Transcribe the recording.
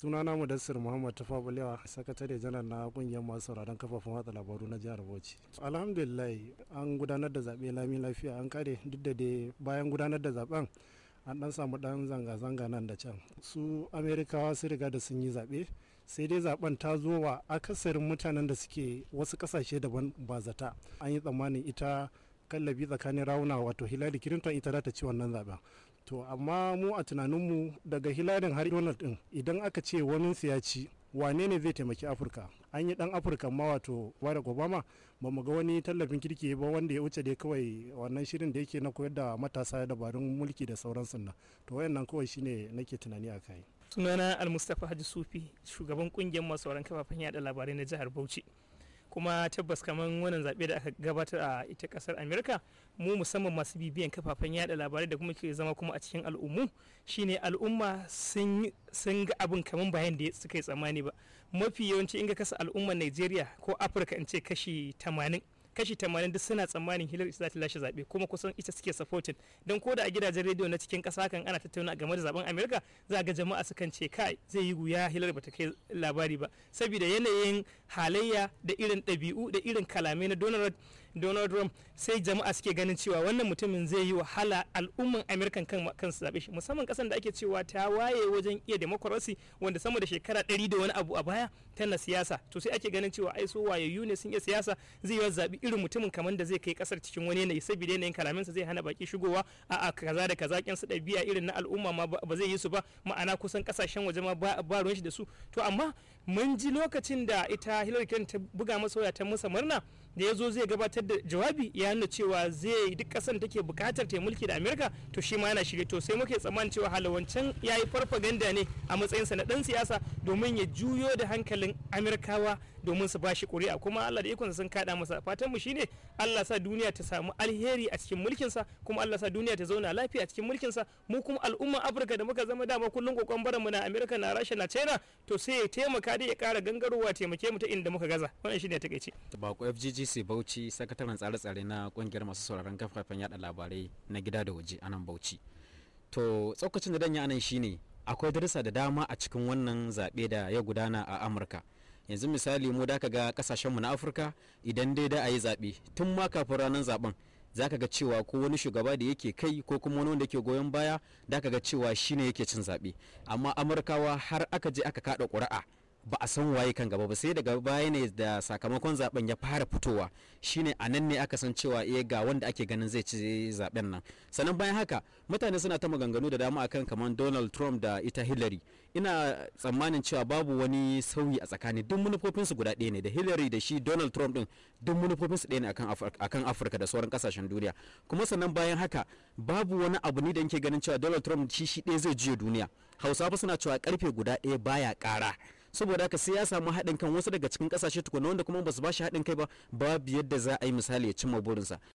sunana madassar muhammad ta bulewa sakatare janar na kungiyar masu sauraron kafafun watsa labaru na jihar bauchi alhamdulillah an gudanar da zaɓe lami lafiya an kare duk da dai bayan gudanar da zaɓen an dan samu dan zanga-zanga nan da can su amerikawa sun riga da sun yi zaɓe sai dai zaɓen ta zo wa akasarin mutanen da suke wasu kasashe daban ba zata an yi tsammanin ita kallabi tsakanin rawuna wato hillary clinton ita za ta ci wannan zaben to amma mu a tunaninmu daga hilarin har donald din idan aka ce wani ya ci wane ne zai taimaki afirka an yi dan afirka ma wato barack obama ba mu ga wani tallafin kirki ba wanda ya wuce dai kawai wannan shirin da yake na koyar da matasa dabarun mulki da sauran sunna to wayannan kawai shine nake tunani a kai sunana almustapha hajji sufi shugaban kungiyar masu kafafen yada labarai na jihar bauchi kuma tabbas kamar wannan zaɓe da aka gabatar a ita ƙasar amerika mu musamman masu bibiyan kafafen yada labarai da kuma ke zama kuma a cikin al'ummu shine al'umma sun ga abin kamar bayan da suka yi tsammani ba mafi yawanci in ga kasa al'ummar nigeria ko afirka in ce kashi tamanin kashi tamanin duk suna tsammanin Hillary za ta lashe zaɓe kuma kusan ita suke don dan da a gidajen rediyo na cikin kasa kan ana tattauna game da zaben amerika za ga jama'a sukan ce kai zai yi guya Hillary bata kai labari ba saboda yanayin halayya da irin ɗabi'u da irin kalamai na Donald donald trump sai jama'a suke ganin cewa wannan mutumin zai yi wahala al'umman amerikan kan kansu zaɓe shi musamman kasan da ake cewa ta waye wajen iya demokarasi wanda sama da shekara ɗari da wani abu a baya tana siyasa to sai ake ganin cewa ai so wayayyu ne sun iya siyasa zai yi zaɓi irin mutumin kamar da zai kai kasar cikin wani yanayi saboda yanayin kalaminsa zai hana baki shigowa a kaza da kaza kyan su ɗabi'a irin na al'umma ma ba zai yi su ba ma'ana kusan kasashen waje ma ba ruwan shi da su to amma mun ji lokacin da ita hillary clinton ta buga masa waya ta masa murna da ya zo zai gabatar da jawabi ya nuna cewa zai duk kasan take bukatar ta mulki da amerika to shi ma yana shirye to sai muke tsammanin cewa halawancan ya yi farfaganda ne a matsayinsa na dan siyasa domin ya juyo da hankalin amerikawa domin su ba shi ƙuri'a kuma Allah da ikonsa sun kaɗa masa fatan mu shine Allah sa duniya ta samu alheri a cikin mulkin sa kuma Allah sa duniya ta zauna lafiya a cikin mulkin sa mu kuma al'umma Afirka da muka zama dama kullun kokon barin mu na America na Russia na China to sai ya taimaka da ya ƙara gangarowa taimake mu ta inda muka gaza wannan shine takeice bako FGGC Bauchi sakataren tsare-tsare na kungiyar masu sauraron kafafen yada labarai na gida da waje anan Bauchi to tsokacin da danya anan shine akwai darussa da dama a cikin wannan zabe da ya gudana a amurka yanzu misali mu da ka ga mu na afirka idan dai da a yi zaɓe tun ma kafin ranar zaɓen za ka ga cewa ko wani shugaba da yake kai ko kuma wani wanda yake goyon baya da ka ga cewa shine yake cin zaɓe amma amurkawa har aka je aka kaɗa ƙuri'a ba a san waye kan gaba ba sai daga baya ne da sakamakon zaben ya fara fitowa shine a nan ne aka san cewa iya eh, ga wanda ake ganin zai ci zaben nan sannan bayan haka mutane suna ta maganganu da dama akan kamar Donald Trump da ita Hillary ina tsammanin cewa babu wani sauyi a tsakani duk manufofin su guda ɗaya ne da Hillary da shi Donald Trump din duk manufofin su ɗaya ne akan Afirka da sauran kasashen duniya kuma sannan bayan haka babu wani abu ne da yake ganin cewa Donald Trump shi shi ɗaya zai juya duniya Hausawa suna cewa karfe guda ɗaya baya ƙara saboda haka sai ya samu haɗin kan wasu daga cikin ƙasashe tukuna wanda kuma ba su ba shi haɗin kai ba babu yadda za a yi misali ya cimma burinsa